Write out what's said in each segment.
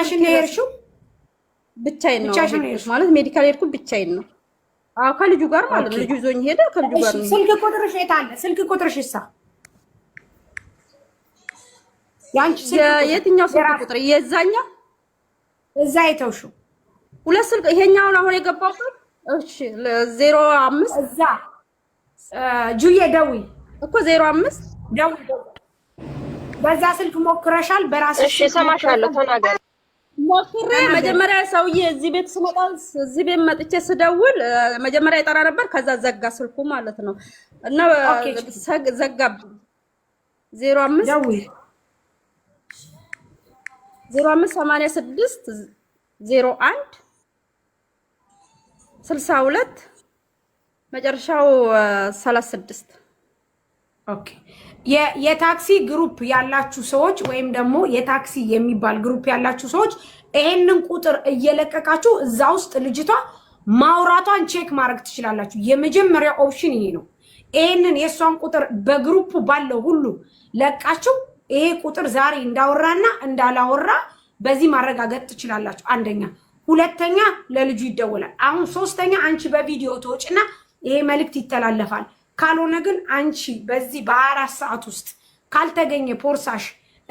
ብቻሽን ነው የሄድሽው? ብቻዬን ነው ማለት ሜዲካል የሄድኩት ብቻዬን ነው። አዎ ከልጁ ጋር ማለት ነው። ልጁ ይዞኝ ሄደ። ከልጁ ጋር ነው። ስልክ ቁጥርሽ የት አለ? ስልክ ቁጥርሽ እሳ የትኛው ስልክ ቁጥር? የዛኛው እዛ የተውሽው ሁለት ስልክ ይሄኛውን አሁን የገባው እሺ፣ ዜሮ አምስት እዛ ጁዬ ደውይ እኮ ዜሮ አምስት ደውይ። በዛ ስልክ ሞክረሻል? በራስሽ እሺ፣ እሰማሻለሁ። ተናገሪ ሞክሬ መጀመሪያ ሰውዬ እዚህ ቤት ስመጣ እዚህ ቤት መጥቼ ስደውል መጀመሪያ ይጠራ ነበር። ከዛ ዘጋ ስልኩ ማለት ነው። እና ዘጋብኝ። ዜሮ አምስት ዜሮ አምስት ሰማንያ ስድስት ዜሮ አንድ ስልሳ ሁለት መጨረሻው ሰላሳ ስድስት ኦኬ የታክሲ ግሩፕ ያላችሁ ሰዎች ወይም ደግሞ የታክሲ የሚባል ግሩፕ ያላችሁ ሰዎች ይሄንን ቁጥር እየለቀቃችሁ እዛ ውስጥ ልጅቷ ማውራቷን ቼክ ማድረግ ትችላላችሁ። የመጀመሪያ ኦፕሽን ይሄ ነው። ይሄንን የእሷን ቁጥር በግሩፕ ባለው ሁሉ ለቃችሁ ይሄ ቁጥር ዛሬ እንዳወራና እንዳላወራ በዚህ ማረጋገጥ ትችላላችሁ። አንደኛ። ሁለተኛ ለልጁ ይደወላል። አሁን ሶስተኛ አንቺ በቪዲዮ ትወጭና ይሄ መልእክት ይተላለፋል። ካልሆነ ግን አንቺ በዚህ በአራት ሰዓት ውስጥ ካልተገኘ ፖርሳሽ፣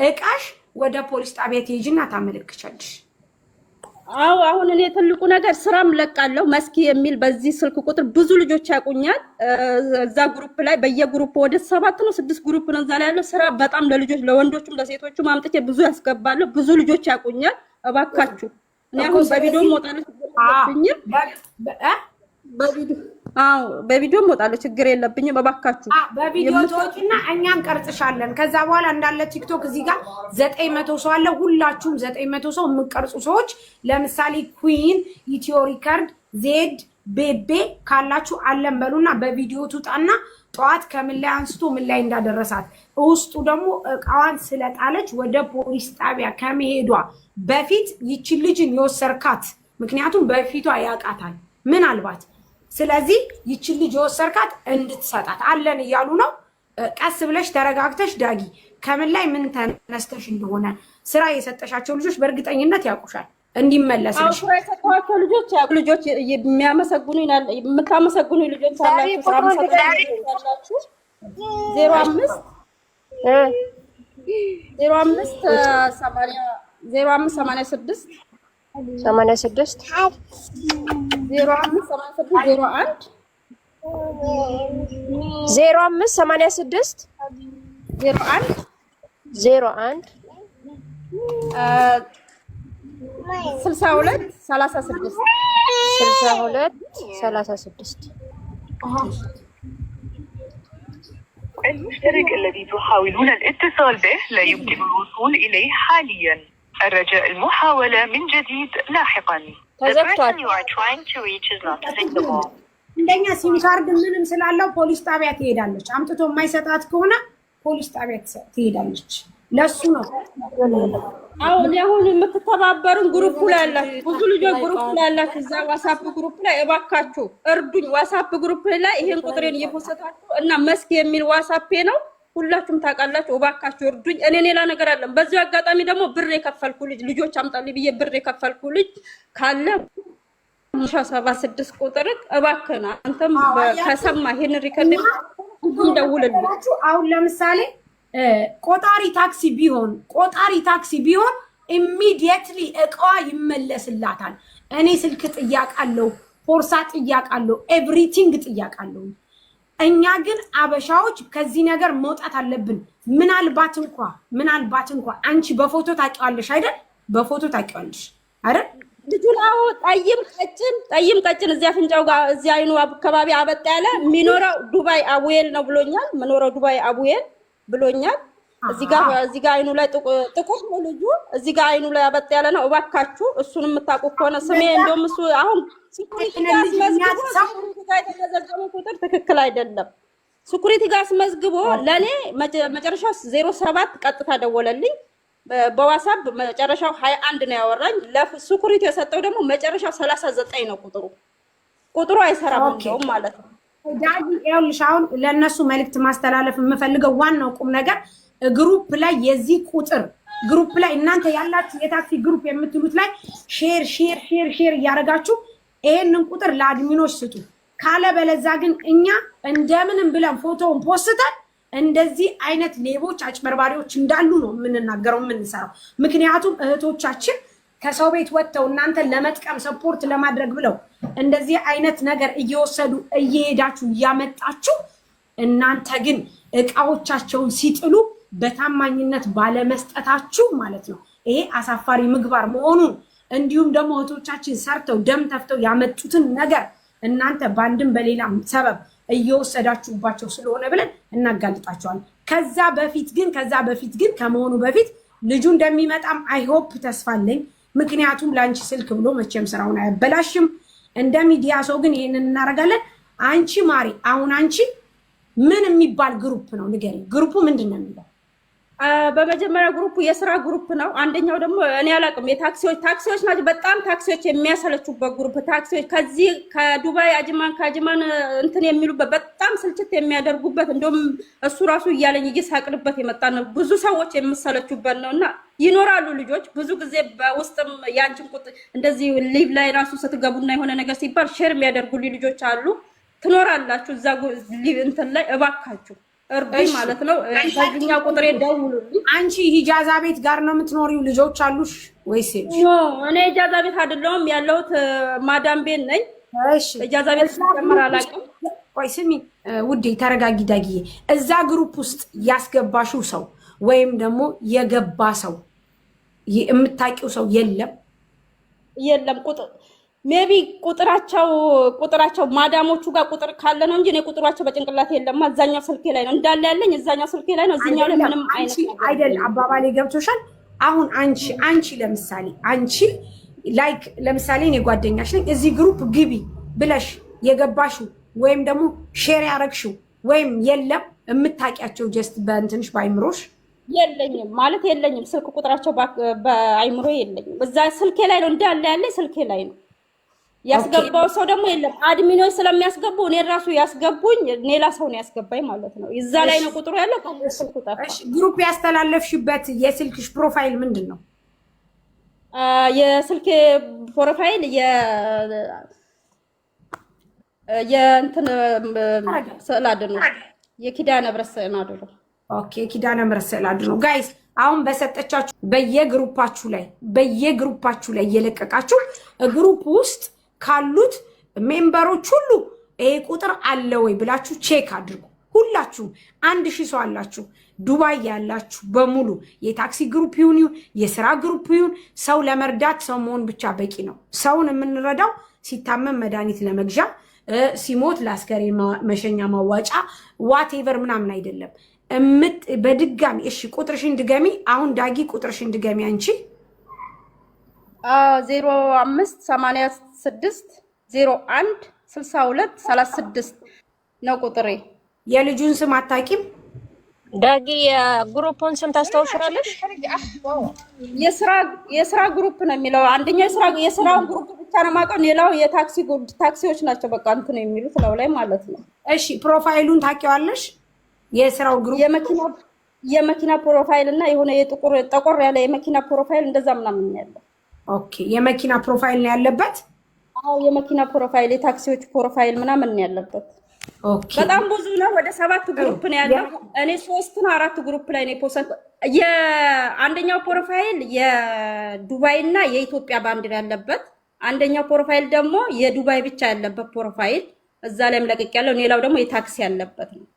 እቃሽ ወደ ፖሊስ ጣቢያ ትሄጂና ታመለክቻለሽ። አዎ አሁን እኔ ትልቁ ነገር ስራም ለቃለሁ። መስኪ የሚል በዚህ ስልክ ቁጥር ብዙ ልጆች ያቁኛል። እዛ ግሩፕ ላይ በየግሩፕ ወደ ሰባት ነው ስድስት ግሩፕ ነው እዛ ላይ ያለው ስራ በጣም ለልጆች ለወንዶቹም ለሴቶቹም አምጥቼ ብዙ ያስገባለሁ። ብዙ ልጆች ያቁኛል። እባካችሁ እኔ አሁን በቪዲዮ በቪዲዮ አዎ በቪዲዮ እወጣለሁ፣ ችግር የለብኝም። እባካችሁ በቪዲዮ ተወጪና እኛ እንቀርጽሻለን። ከዛ በኋላ እንዳለ ቲክቶክ እዚህ ጋር ዘጠኝ መቶ ሰው አለ። ሁላችሁም ዘጠኝ መቶ ሰው የምቀርጹ ሰዎች ለምሳሌ ኩዊን፣ ኢትዮ ሪከርድ፣ ዜድ፣ ቤቤ ካላችሁ አለን በሉና በቪዲዮ ትውጣና ጠዋት ከምን ላይ አንስቶ ምን ላይ እንዳደረሳት ውስጡ ደግሞ እቃዋን ስለጣለች ወደ ፖሊስ ጣቢያ ከመሄዷ በፊት ይቺ ልጅን የወሰርካት ምክንያቱም በፊቷ ያውቃታል ምናልባት ስለዚህ ይችን ልጅ የወሰርካት እንድትሰጣት አለን እያሉ ነው። ቀስ ብለሽ ተረጋግተሽ ዳጊ ከምን ላይ ምን ተነስተሽ እንደሆነ ስራ የሰጠሻቸው ልጆች በእርግጠኝነት ያውቁሻል። እንዲመለስልሽ ልጆች ልጆች የሚያመሰግኑ የምታመሰግኑ ልጆች አላችሁ። ዜሮ አምስት ዜሮ አምስት ሰማንያ ስድስት ሰማንያ ስድስት ዜሮ አምስት ሰማንያ ስድስት ዜሮ አንድ ዜሮ አንድ ስልሳ ሁለት ሰላሳ ስድስት ስልሳ ሁለት ሰላሳ ስድስት المشترك الذي تحاولون الاتصال به لا يمكن الوصول إليه حاليا الرجاء المحاولة من جديد لاحقا እንደኛ ሲም ካርድ ምንም ስላለው ፖሊስ ጣቢያ ትሄዳለች። አምጥቶ የማይሰጣት ከሆነ ፖሊስ ጣቢያ ትሄዳለች። ለሱ ነው አሁን አሁን የምትተባበሩን ግሩፕ ላይ ያላችሁ ብዙ ልጆች ግሩፕ ላይ ያላችሁ እዛ ዋሳፕ ግሩፕ ላይ እባካችሁ እርዱኝ። ዋሳፕ ግሩፕ ላይ ይሄን ቁጥሬን እና መስክ የሚል ዋሳፔ ነው ሁላችሁም ታውቃላችሁ። እባካችሁ እርዱኝ። እኔ ሌላ ነገር አለም። በዚሁ አጋጣሚ ደግሞ ብር የከፈልኩ ልጅ ልጆች አምጣልኝ ብዬ ብር የከፈልኩ ልጅ ካለ ሙሻ ሰባ ስድስት ቁጥር እባክህን አንተም ከሰማ ይህን ሪከርድ እንደውልልኝ። አሁን ለምሳሌ ቆጣሪ ታክሲ ቢሆን ቆጣሪ ታክሲ ቢሆን ኢሚዲየትሊ እቃዋ ይመለስላታል። እኔ ስልክ ጥያቃለሁ፣ ፖርሳ ጥያቃለሁ፣ ኤቭሪቲንግ ጥያቃለሁ። እኛ ግን አበሻዎች ከዚህ ነገር መውጣት አለብን። ምናልባት እንኳ ምናልባት እንኳ አንቺ በፎቶ ታውቂዋለሽ አይደል? በፎቶ ታውቂዋለሽ አይደል? ልጁ ላው ጠይም ቀጭን ጠይም ቀጭን እዚያ ፍንጫው ጋር እዚያ አይኑ አካባቢ አበጣ ያለ የሚኖረው ዱባይ አቡዬል ነው ብሎኛል። የምኖረው ዱባይ አቡዬል ብሎኛል። እዚህ ጋር አይኑ ላይ ጥቁር ነው ልጁ። እዚህ ጋር አይኑ ላይ አበጥ ያለ ነው። እባካችሁ እሱን የምታውቁ ከሆነ ስሜ እንደውም እሱ አሁን ሲኩሪቲ ጋር አስመዝግቦ ሲኩሪቲ ጋር የተመዘገበ ቁጥር ትክክል አይደለም። ሲኩሪቲ ጋር አስመዝግቦ ለእኔ መጨረሻ ዜሮ ሰባት ቀጥታ ደወለልኝ በዋሳብ መጨረሻው ሀያ አንድ ነው ያወራኝ። ለሲኩሪቲ የሰጠው ደግሞ መጨረሻው ሰላሳ ዘጠኝ ነው ቁጥሩ ቁጥሩ አይሰራም እንደውም ማለት ነው። ዳዲ ይኸውልሽ አሁን ለእነሱ መልዕክት ማስተላለፍ የምፈልገው ዋናው ቁም ነገር ግሩፕ ላይ የዚህ ቁጥር ግሩፕ ላይ እናንተ ያላችሁ የታክሲ ግሩፕ የምትሉት ላይ ሼር ሼር ሼር ሼር እያደረጋችሁ ይሄንን ቁጥር ለአድሚኖች ስጡ። ካለበለዛ ግን እኛ እንደምንም ብለን ፎቶውን ፖስተን እንደዚህ አይነት ሌቦች፣ አጭበርባሪዎች እንዳሉ ነው የምንናገረው የምንሰራው። ምክንያቱም እህቶቻችን ከሰው ቤት ወጥተው እናንተን ለመጥቀም ሰፖርት ለማድረግ ብለው እንደዚህ አይነት ነገር እየወሰዱ እየሄዳችሁ እያመጣችሁ እናንተ ግን እቃዎቻቸውን ሲጥሉ በታማኝነት ባለመስጠታችሁ ማለት ነው። ይሄ አሳፋሪ ምግባር መሆኑን እንዲሁም ደግሞ እህቶቻችን ሰርተው ደም ተፍተው ያመጡትን ነገር እናንተ በአንድም በሌላም ሰበብ እየወሰዳችሁባቸው ስለሆነ ብለን እናጋልጣቸዋለን። ከዛ በፊት ግን ከዛ በፊት ግን ከመሆኑ በፊት ልጁ እንደሚመጣም አይሆፕ ተስፋለኝ ምክንያቱም ለአንቺ ስልክ ብሎ መቼም ስራውን አያበላሽም። እንደ ሚዲያ ሰው ግን ይህንን እናደርጋለን። አንቺ ማሪ፣ አሁን አንቺ ምን የሚባል ግሩፕ ነው ንገሪ። ግሩፑ ምንድን ነው የሚለው? በመጀመሪያ ግሩፕ የስራ ግሩፕ ነው። አንደኛው ደግሞ እኔ አላውቅም የታክሲዎች ታክሲዎች ናቸው። በጣም ታክሲዎች የሚያሰለችበት ግሩፕ ታክሲዎች ከዚህ ከዱባይ አጅማን ከአጅማን እንትን የሚሉበት በጣም ስልችት የሚያደርጉበት እንደውም እሱ ራሱ እያለኝ እየሳቅንበት የመጣ ነው። ብዙ ሰዎች የምሰለችበት ነው እና ይኖራሉ ልጆች ብዙ ጊዜ በውስጥም የአንችን ቁጥ እንደዚህ ሊቭ ላይ ራሱ ስትገቡና የሆነ ነገር ሲባል ሼር የሚያደርጉልኝ ልጆች አሉ። ትኖራላችሁ እዛ እንትን ላይ እባካችሁ እርዱ ማለት ነው። ታግኛ ቁጥሬ ደውሉልኝ። አንቺ ሂጃዛ ቤት ጋር ነው የምትኖሪው? ልጆች አሉሽ ወይስ? እኔ ሂጃዛ ቤት አይደለሁም ያለሁት ማዳም ቤት ነኝ። እሺ ሂጃዛ ቤት ጀምር አላውቅም። ቆይ ስሚ ውዴ፣ ተረጋጊ ዳጊዬ። እዛ ግሩፕ ውስጥ ያስገባሽው ሰው ወይም ደግሞ የገባ ሰው የምታውቂው ሰው የለም? የለም ቁጥር ሜቢ ቁጥራቸው ቁጥራቸው ማዳሞቹ ጋር ቁጥር ካለ ነው እንጂ እኔ ቁጥሯቸው በጭንቅላት የለም። እዛኛው ስልኬ ላይ ነው እንዳለ ያለኝ፣ እዛኛው ስልኬ ላይ ነው። እዚኛው ላይ ምንም አይነት አይደል። አባባሌ ገብቶሻል? አሁን አንቺ አንቺ ለምሳሌ አንቺ ላይክ ለምሳሌ እኔ ጓደኛሽ ነኝ እዚህ ግሩፕ ግቢ ብለሽ የገባሽው ወይም ደግሞ ሼር ያረግሽው ወይም የለም የምታውቂያቸው ጀስት በእንትንሽ በአይምሮሽ የለኝም ማለት የለኝም። ስልክ ቁጥራቸው በአይምሮ የለኝም። እዛ ስልኬ ላይ ነው እንዳለ ያለ ስልኬ ላይ ነው ያስገባው ሰው ደግሞ የለም። አድሚኖች ስለሚያስገቡ እኔ ራሱ ያስገቡኝ ሌላ ሰው ነው ያስገባኝ ማለት ነው። እዛ ላይ ነው ቁጥሩ ያለው። ስልኩ ጠፋ። ግሩፕ ያስተላለፍሽበት የስልክሽ ፕሮፋይል ምንድን ነው? የስልክ ፕሮፋይል የእንትን ስዕል አድኖ የኪዳነ ምሕረት ስዕል አድኖ ኦኬ። የኪዳነ ምሕረት ስዕል አድኖ ጋይስ አሁን በሰጠቻችሁ በየግሩፓችሁ ላይ በየግሩፓችሁ ላይ እየለቀቃችሁ ግሩፕ ውስጥ ካሉት ሜምበሮች ሁሉ ይሄ ቁጥር አለ ወይ ብላችሁ ቼክ አድርጉ። ሁላችሁም አንድ ሺህ ሰው አላችሁ፣ ዱባይ ያላችሁ በሙሉ የታክሲ ግሩፕ ይሁን የስራ ግሩፕ ይሁን ሰው ለመርዳት ሰው መሆን ብቻ በቂ ነው። ሰውን የምንረዳው ሲታመም መድኃኒት ለመግዣ ሲሞት ለአስከሬን መሸኛ ማዋጫ ዋቴቨር ምናምን አይደለም። እምት በድጋሚ እሺ፣ ቁጥርሽን ድገሚ። አሁን ዳጊ ቁጥርሽን ድገሚ አንቺ ዜሮ አምስት ሰማንያ ስድስት ዜሮ አንድ ስልሳ ሁለት ሰላሳ ስድስት ነው ቁጥሬ። የልጁን ስም አታውቂም? ዳጊ የግሩፑን ስም ታስታውሻለሽ? የስራ ግሩፕ ነው የሚለው አንደኛው የስራ የስራውን ግሩፕ ብቻ ነው የማውቀው። ሌላው የታክሲ ታክሲዎች ናቸው። በቃ እንትን ነው የሚሉት ነው ላይ ማለት ነው። እሺ ፕሮፋይሉን ታውቂዋለሽ? የስራው ግሩፕ የመኪና የመኪና ፕሮፋይል እና የሆነ የጥቁር ጠቆር ያለ የመኪና ፕሮፋይል እንደዛ ምናምን ያለ ኦኬ፣ የመኪና ፕሮፋይል ነው ያለበት የመኪና ፕሮፋይል፣ የታክሲዎች ፕሮፋይል ምናምን ያለበት በጣም ብዙ ነው። ወደ ሰባት ግሩፕ ነው ያለው። እኔ ሶስት ነው አራት ግሩፕ ላይ ነው የፖሰት። የአንደኛው ፕሮፋይል የዱባይ እና የኢትዮጵያ ባንዲራ ያለበት፣ አንደኛው ፕሮፋይል ደግሞ የዱባይ ብቻ ያለበት ፕሮፋይል እዛ ላይም ለቅቅ ያለው፣ ሌላው ደግሞ የታክሲ ያለበት ነው።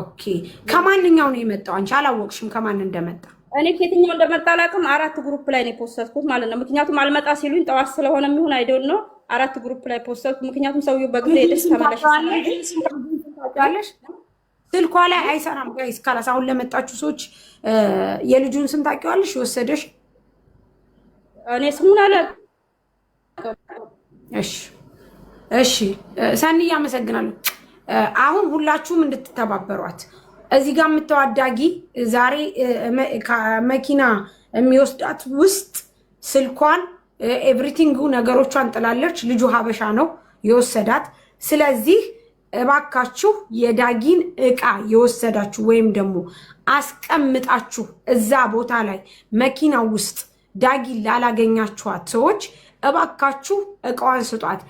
ኦኬ ከማንኛው ነው የመጣው? አንቺ አላወቅሽም ከማን እንደመጣ እኔ ከየትኛው እንደመጣ አላውቅም። አራት ግሩፕ ላይ ነው የፖስተትኩት ማለት ነው። ምክንያቱም አልመጣ ሲሉኝ ጠዋት ስለሆነ የሚሆን አይደል ነው። አራት ግሩፕ ላይ ፖስተትኩ። ምክንያቱም ሰውዬው በጊዜ ደስ ተመለሽ። ስልኳ ላይ አይሰራም ጋይስ። ካላስ አሁን ለመጣችሁ ሰዎች የልጁን ስም ታውቂዋለሽ? የወሰደሽ እኔ ስሙን አለ። እሺ እሺ፣ ሰኒ አመሰግናለሁ። አሁን ሁላችሁም እንድትተባበሯት እዚህ ጋር የምታው ዛሬ መኪና የሚወስዳት ውስጥ ስልኳን ኤቭሪቲንግ ነገሮቿን ጥላለች። ልጁ ሀበሻ ነው የወሰዳት። ስለዚህ እባካችሁ የዳጊን እቃ የወሰዳችሁ ወይም ደግሞ አስቀምጣችሁ እዛ ቦታ ላይ መኪና ውስጥ ዳጊን ላላገኛችኋት ሰዎች እባካችሁ እቃዋን ስጧት።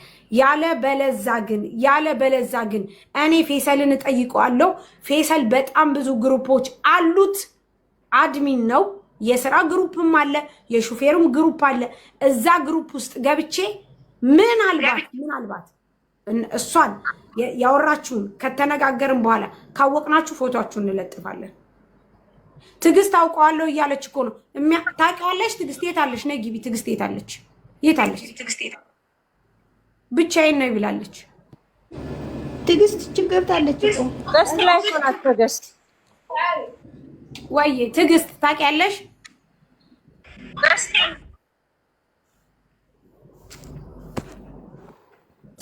ያለ በለዛ ግን ያለ በለዛ ግን እኔ ፌሰልን እጠይቀዋለሁ። ፌሰል በጣም ብዙ ግሩፖች አሉት። አድሚን ነው። የስራ ግሩፕም አለ፣ የሹፌርም ግሩፕ አለ። እዛ ግሩፕ ውስጥ ገብቼ ምናልባት ምናልባት እሷን ያወራችሁን ከተነጋገርን በኋላ ካወቅናችሁ ፎቶችሁን እንለጥፋለን። ትዕግስት አውቀዋለሁ እያለች እኮ ነው። ታውቂዋለሽ? ትዕግስት የት አለች? ነይ ግቢ። ትዕግስት የት አለች? የታለች ብቻዬን ነው ይብላለች። ትዕግስት ችግርታለች። ገስት ላይ እኮ ትዕግስት ወይ ትዕግስት ታውቂያለሽ?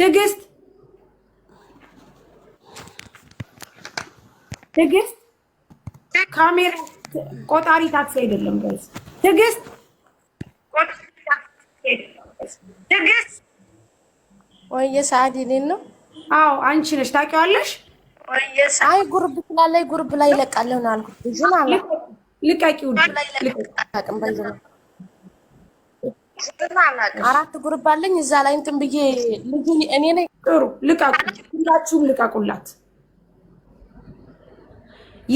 ትዕግስት ትዕግስት ካሜራ ቆጣሪ ታክሲ አይደለም። ትዕግስት ትዕግስት ወይዬ ሰዓድ የእኔን ነው። አዎ አንቺ ነሽ ታውቂዋለሽ። አይ ጉርብ ስላለኝ ጉርብ ላይ ይለቃል ይሆናል አልኩት። ብዙም ልቀቂው አራት ጉርብ አለኝ እዛ ላይ እንትን ብዬ ልጁ እኔ ነኝ። ጥሩ ልቀቁ፣ ሁላችሁም ልቀቁላት።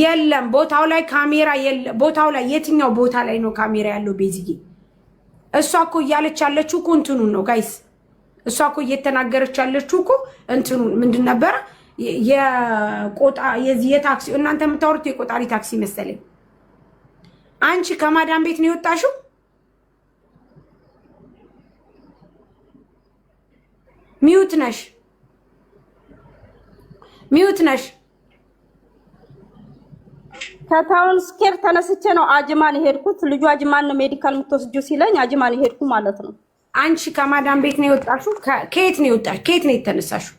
የለም ቦታው ላይ ካሜራ የለ። ቦታው ላይ የትኛው ቦታ ላይ ነው ካሜራ ያለው? ቤዝዬ እሷ እኮ እያለች ያለችው እኮ እንትኑን ነው ጋይስ። እሷ እኮ እየተናገረች ያለችው እኮ እንትኑን ምንድን ነበረ የቆጣ የታክሲ እናንተ የምታወሩት የቆጣሪ ታክሲ መሰለኝ። አንቺ ከማዳም ቤት ነው የወጣሽው? ሚዩት ነሽ፣ ሚዩት ነሽ። ከታውን ስኬር ተነስቼ ነው አጅማን የሄድኩት። ልጁ አጅማን ነው ሜዲካል የምትወስጂው ሲለኝ አጅማን የሄድኩ ማለት ነው። አንቺ ከማዳም ቤት ነው የወጣሽው? ከየት ነው የወጣሽ? ከየት ነው የተነሳሽው?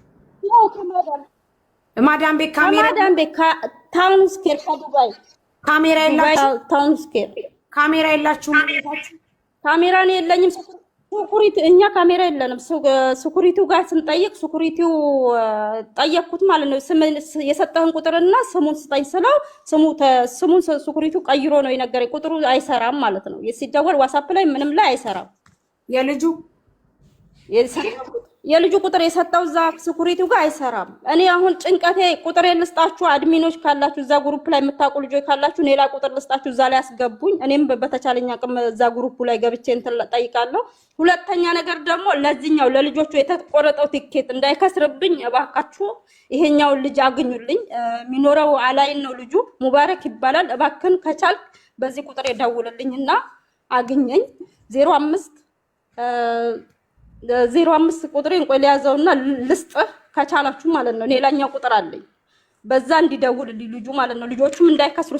ማዳም ቤት ካሜራ፣ ማዳም ቤት ከታውን ስኬር ከዱባይ ካሜራ የላችሁ? ታውን ስኬር ካሜራ የላችሁ? ካሜራ ነው የለኝም ሱኩሪቲ እኛ ካሜራ የለንም። ሱኩሪቲው ጋር ስንጠይቅ ሱኩሪቲው ጠየቅኩት ማለት ነው። የሰጠህን ቁጥርና ስሙን ስጠኝ ስለው ስሙን ሱኩሪቱ ቀይሮ ነው የነገረኝ። ቁጥሩ አይሰራም ማለት ነው። ሲደወል ዋሳፕ ላይ ምንም ላይ አይሰራም የልጁ የልጁ ቁጥር የሰጠው እዛ ስኩሪቲው ጋር አይሰራም። እኔ አሁን ጭንቀቴ ቁጥሬን ልስጣችሁ፣ አድሚኖች ካላችሁ እዛ ግሩፕ ላይ የምታውቁ ልጆች ካላችሁ ሌላ ቁጥር ልስጣችሁ፣ እዛ ላይ አስገቡኝ። እኔም በተቻለኝ አቅም እዛ ግሩፕ ላይ ገብቼ እንትን ጠይቃለሁ። ሁለተኛ ነገር ደግሞ ለዚህኛው ለልጆቹ የተቆረጠው ቲኬት እንዳይከስርብኝ እባካችሁ ይሄኛውን ልጅ አግኙልኝ። የሚኖረው አላይን ነው ልጁ ሙባረክ ይባላል። እባክን ከቻልክ በዚህ ቁጥር የደውልልኝ እና አግኘኝ ዜሮ አምስት ዜሮ አምስት ቁጥሬ እንቆይ ሊያዘውና ልስጥህ ከቻላችሁ ማለት ነው። ሌላኛው ቁጥር አለኝ በዛ እንዲደውልልኝ ልጁ ማለት ነው። ልጆቹም እንዳይከስሩ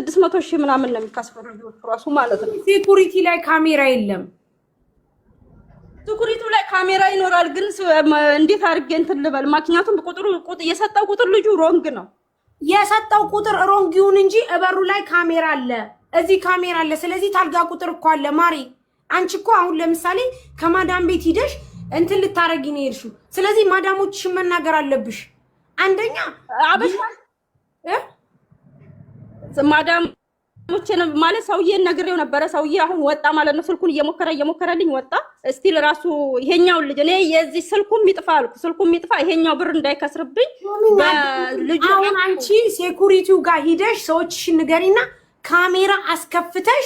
ስድስት መቶ ሺህ ምናምን ነው የሚከስሩ ልጆቹ ራሱ ማለት ነው። ሴኩሪቲ ላይ ካሜራ የለም። ሴኩሪቲው ላይ ካሜራ ይኖራል፣ ግን እንዴት አድርጌ እንትን ልበል? ምክንያቱም ቁጥሩ የሰጠው ቁጥር ልጁ ሮንግ ነው የሰጠው ቁጥር ሮንግ ይሁን እንጂ እበሩ ላይ ካሜራ አለ፣ እዚህ ካሜራ አለ። ስለዚህ ታልጋ ቁጥር እኮ አለ ማሪ አንቺ እኮ አሁን ለምሳሌ ከማዳም ቤት ሂደሽ እንትን ልታረጊ ነው የሄድሽው። ስለዚህ ማዳሞችሽን መናገር አለብሽ። አንደኛ አበሻ ማዳም ማለት ሰውዬን ነግሬው ነበረ። ሰውዬ አሁን ወጣ ማለት ነው። ስልኩን እየሞከረ እየሞከረልኝ ወጣ። እስቲል ራሱ ይሄኛውን ልጅ እኔ የዚህ ስልኩም ይጥፋ አልኩ። ስልኩም ይጥፋ ይሄኛው ብር እንዳይከስርብኝ። ልጅ። አሁን አንቺ ሴኩሪቲው ጋር ሂደሽ ሰዎችሽን ንገሪና ካሜራ አስከፍተሽ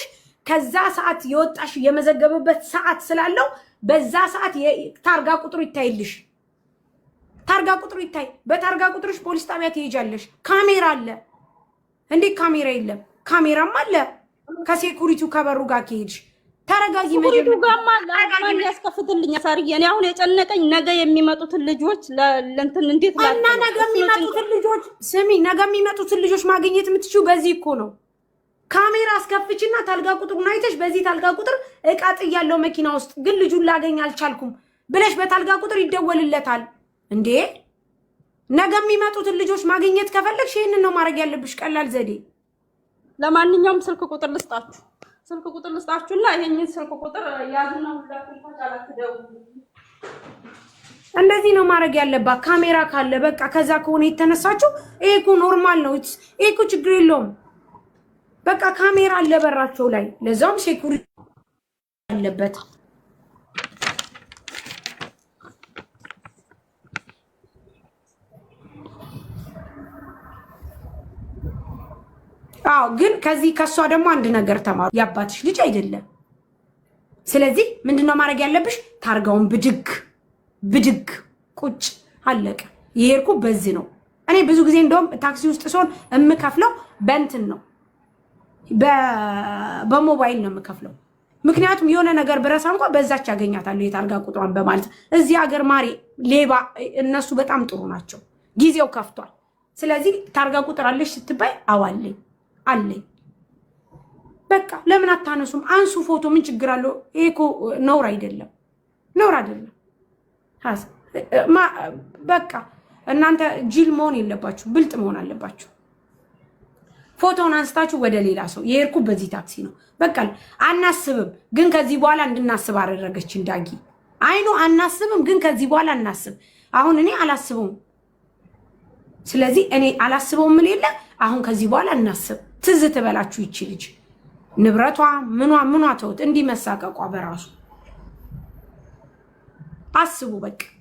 ከዛ ሰዓት የወጣሽ የመዘገበበት ሰዓት ስላለው በዛ ሰዓት ታርጋ ቁጥሩ ይታይልሽ። ታርጋ ቁጥሩ ይታይ። በታርጋ ቁጥርሽ ፖሊስ ጣቢያ ትሄጃለሽ። ካሜራ አለ እንዴ? ካሜራ የለም? ካሜራም አለ። ከሴኩሪቲው ከበሩ ጋር ከሄድሽ ተረጋጊ። ሴኩሪቱ ጋማ ማን ያስከፍትልኝ? ሳርዬ፣ እኔ አሁን የጨነቀኝ ነገ የሚመጡትን ልጆች ለእንትን እንዴት እና ነገ የሚመጡትን ልጆች ስሚ፣ ነገ የሚመጡትን ልጆች ማግኘት የምትችው በዚህ እኮ ነው። ካሜራ አስከፍችና ታልጋ ቁጥሩ አይተሽ በዚህ ታልጋ ቁጥር እቃ ጥያለው መኪና ውስጥ ግን ልጁን ላገኝ አልቻልኩም ብለሽ በታልጋ ቁጥር ይደወልለታል እንዴ። ነገ የሚመጡትን ልጆች ማግኘት ከፈለግሽ ይህንን ነው ማድረግ ያለብሽ፣ ቀላል ዘዴ። ለማንኛውም ስልክ ቁጥር ልስጣችሁ፣ ስልክ ቁጥር ልስጣችሁና ይሄንን ስልክ ቁጥር ያዙና ሁላችሁ ታላክደው እንደዚህ ነው ማድረግ ያለባት። ካሜራ ካለ በቃ ከዛ ከሆነ የተነሳችሁ ይሄ እኮ ኖርማል ነው። ይሄ እኮ ችግር የለውም። በቃ ካሜራ አለ በራቸው ላይ ለዛም ሴኩሪቲ አለበት። አዎ ግን ከዚህ ከእሷ ደግሞ አንድ ነገር ተማሩ። የአባትሽ ልጅ አይደለም። ስለዚህ ምንድነው ማድረግ ያለብሽ? ታርጋውን ብድግ ብድግ ቁጭ አለቀ። የሄድኩ በዚህ ነው። እኔ ብዙ ጊዜ እንደውም ታክሲ ውስጥ ሲሆን የምከፍለው በእንትን ነው በሞባይል ነው የምከፍለው። ምክንያቱም የሆነ ነገር ብረሳ እንኳ በዛች ያገኛታለሁ የታርጋ ቁጥሯን በማለት እዚህ ሀገር ማሬ ሌባ እነሱ በጣም ጥሩ ናቸው። ጊዜው ከፍቷል። ስለዚህ ታርጋ ቁጥር አለሽ ስትባይ አዋለኝ አለኝ በቃ ለምን አታነሱም? አንሱ ፎቶ ምን ችግር አለው? ይሄ እኮ ነውር አይደለም፣ ነውር አይደለም። በቃ እናንተ ጅል መሆን የለባችሁ፣ ብልጥ መሆን አለባችሁ። ፎቶውን አንስታችሁ ወደ ሌላ ሰው የሄድኩ በዚህ ታክሲ ነው። በቃ አናስብም፣ ግን ከዚህ በኋላ እንድናስብ አደረገች እንዳጊ አይኑ አናስብም፣ ግን ከዚህ በኋላ እናስብ። አሁን እኔ አላስበውም። ስለዚህ እኔ አላስበውም የለ አሁን ከዚህ በኋላ እናስብ። ትዝ ትበላችሁ ይቺ ልጅ ንብረቷ ምኗ ምኗ ተውት፣ እንዲህ መሳቀቋ በራሱ አስቡ።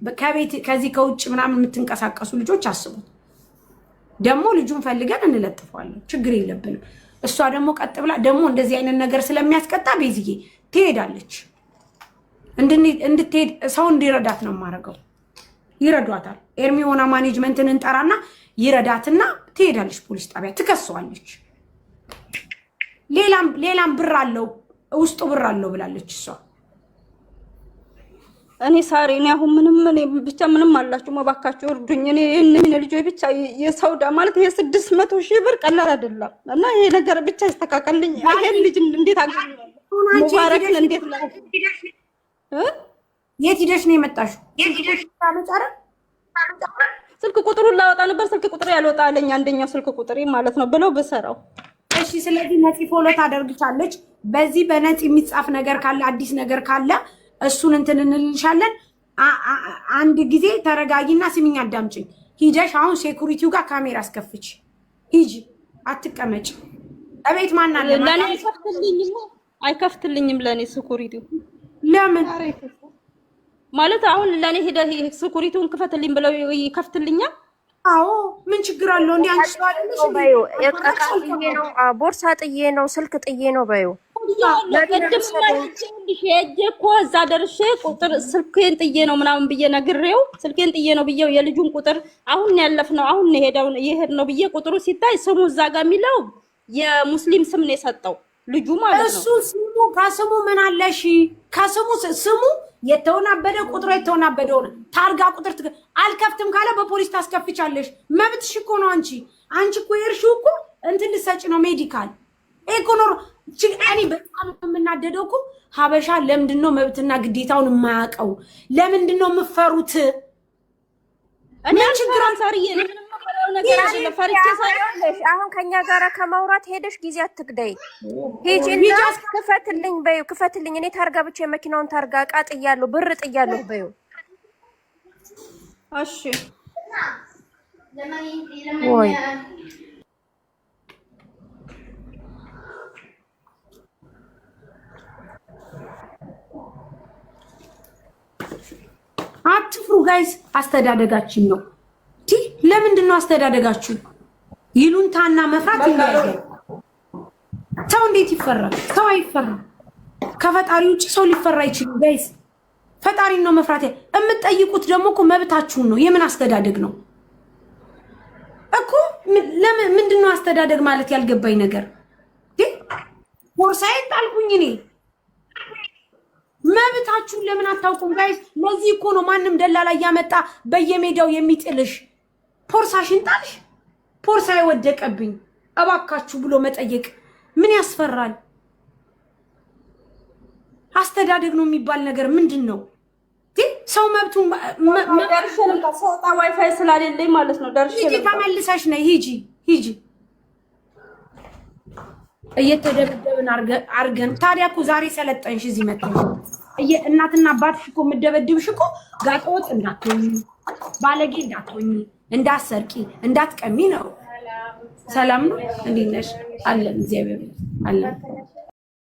በቃ ከቤት ከዚህ ከውጭ ምናምን የምትንቀሳቀሱ ልጆች አስቡት። ደግሞ ልጁን ፈልገን እንለጥፈዋለን። ችግር የለብንም። እሷ ደግሞ ቀጥ ብላ ደግሞ እንደዚህ አይነት ነገር ስለሚያስቀጣ ቤዝዬ ትሄዳለች። እንድትሄድ ሰው እንዲረዳት ነው የማደርገው። ይረዷታል። ኤርሚ ሆና ማኔጅመንትን እንጠራና ይረዳትና ትሄዳለች ፖሊስ ጣቢያ ትከሰዋለች። ሌላም ብር አለው ውስጡ ብር አለው ብላለች እሷ እኔ ሳሪ እኔ አሁን ምንም እኔ ብቻ ምንም አላችሁ መባካችሁ እርዱኝ። እኔ እነኝ ልጆች ብቻ የሰውዳ ማለት ይሄ ስድስት መቶ ሺህ ብር ቀላል አይደለም እና ይሄ ነገር ብቻ ይስተካከልልኝ። ይሄን ልጅ እንዴት አገኘሁ ሙባረክን እንዴት ላይ የት ሂደሽ ነው የመጣሽው? ስልክ ቁጥሩን ላወጣ ነበር ስልክ ቁጥር አለኝ አንደኛው ስልክ ቁጥሬ ማለት ነው ብለው በሰራው እሺ ስለዚህ ነፂ ፎሎ ታደርግቻለች። በዚህ በነፂ የሚጻፍ ነገር ካለ አዲስ ነገር ካለ እሱን እንትን እንልሻለን። አንድ ጊዜ ተረጋጊና ስሚኝ፣ አዳምጭኝ ሂደሽ አሁን ሴኩሪቲው ጋር ካሜራ አስከፍች፣ ሂጂ፣ አትቀመጭ። እቤት ማን አለ? አይከፍትልኝም ለእኔ ሴኩሪቲው። ለምን ማለት አሁን ለእኔ ሄደ ሴኩሪቲውን ክፈትልኝ ብለው ይከፍትልኛል? አዎ ምን ችግር አለው? እንዲ አንቺ ነው ቦርሳ ጥዬ ነው ስልክ ጥዬ ነው በዩ ሄጄ እኮ እዛ ደርሼ ቁጥር ስልኬን ጥዬ ነው ምናምን ብዬ ነግሬው ስልኬን ጥዬ ነው ብዬው የልጁን ቁጥር አሁን ያለፍነው አሁን የሄድ ነው ብዬ ቁጥሩ ሲታይ ስሙ እዛ ጋር የሚለው የሙስሊም ስም ነው የሰጠው ልጁ ማለት ነው። እሱ ስሙ ከስሙ ምን አለ? ከስሙ ስሙ የተወናበደ ቁጥሩ የተወናበደ ሆነ። ታርጋ ቁጥር አልከፍትም ካለ በፖሊስ ታስከፍቻለሽ። መብትሽ እኮ ነው። አንቺ አንቺ እኮ የሄድሽው እኮ እንትን ልትሰጪ ነው ሜዲካል ኢኮኖር እጅግ እኔ በጣም የምናደደው እኮ ሀበሻ ለምንድን ነው መብትና ግዴታውን የማያውቀው? ለምንድን ነው የምፈሩት? አሁን ከኛ ጋር ከማውራት ሄደሽ ጊዜ አትግደይ። ሂጂና ክፈትልኝ በዩ ክፈትልኝ እኔ ታርጋ ብቻ የመኪናውን ታርጋ እቃ ጥያለሁ፣ ብር ጥያለሁ በዩ። እሺ ወይ አትፍሩ ጋይስ። አስተዳደጋችን ነው። ቲ ለምንድን ነው አስተዳደጋችሁ ይሉንታና መፍራት ይላል። ሰው እንዴት ይፈራል? ሰው አይፈራ። ከፈጣሪ ውጭ ሰው ሊፈራ ይችላል ጋይስ። ፈጣሪ ነው መፍራት። የምትጠይቁት ደግሞ እኮ መብታችሁን ነው። የምን አስተዳደግ ነው እኮ ለምን ምንድን ነው አስተዳደግ ማለት ያልገባኝ ነገር ቦርሳዬን ጣልኩኝ እኔ መብታችሁን ለምን አታውቁም ጋይስ? ለዚህ እኮ ነው ማንም ደላላ እያመጣ በየሜዳው የሚጥልሽ። ፖርሳሽን ጣልሽ፣ ፖርሳ የወደቀብኝ እባካችሁ ብሎ መጠየቅ ምን ያስፈራል? አስተዳደግ ነው የሚባል ነገር ምንድን ነው? ሰው መብቱ ደርሼ ዋይፋይ ስላሌለኝ ማለት ነው። ደርሼ ተመልሰሽ ነይ ሂጂ ሂጂ እየተደበደብን አርገን ታዲያ እኮ ዛሬ ሰለጠንሽ እዚህ መጣ እናትና አባትሽ እኮ የምደበድብሽ እኮ ጋጠወጥ እንዳትሆኝ ባለጌ እንዳትሆኝ እንዳትሰርቂ እንዳትቀሚ ነው። ሰላም ነው። እንዴት ነሽ? አለን እግዚአብሔር አለን።